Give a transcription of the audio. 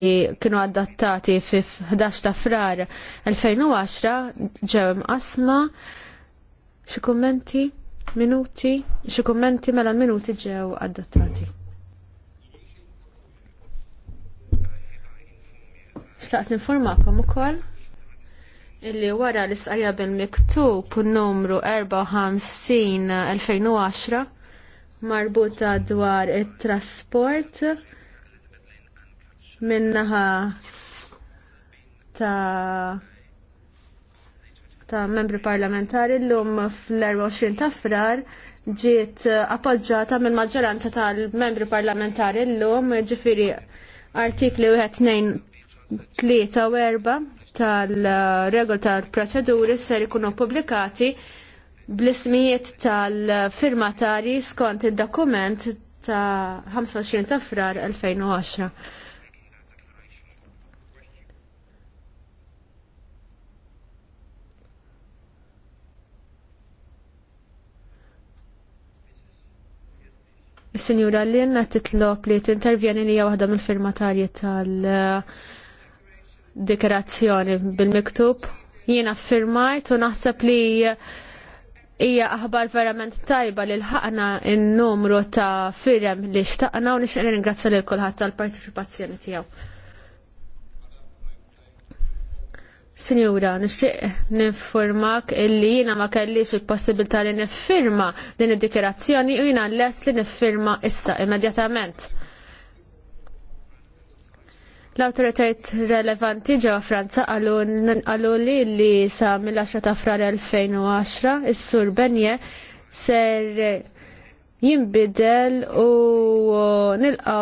kienu adattati fi 11 ta' frar 2010 ġew asma xi kummenti minuti xi kummenti mela minuti ġew adattati. Xtaqt ninformakom ukoll illi wara l-istqarja bil-miktub u numru 54 2010 marbuta dwar it-trasport minnaħa ta' ta' membri parlamentari l-lum fl-24 ta' frar ġiet appoġġata mill maġġoranza tal-membri parlamentari l-lum ġifiri artikli 1, 2, 3 4 tal-regol tal-proċeduri ser ikunu publikati bl-ismijiet tal-firmatari skont il-dokument ta' 25 ta' frar 2010. Sinjura Linna titlop li t-intervjeni li waħda mill-firmatarji tal dekorazzjoni bil-miktub. Jiena firmajt u naħseb li hija aħbar verament tajba li l n-numru ta' firem li xtaqna u nixtieq ringrazzja lil kulħadd tal-partiċipazzjoni tiegħu. Sinjura, nixtieq nifformak illi jiena ma kellix il-possibilità li niffirma din id-dikerazzjoni u jiena lest li niffirma issa immedjatament. l awtoritajiet relevanti ġewwa Franza qalu li li sa mill-10 ta' frar 2010 is-sur Benje ser jinbidel u nilqaw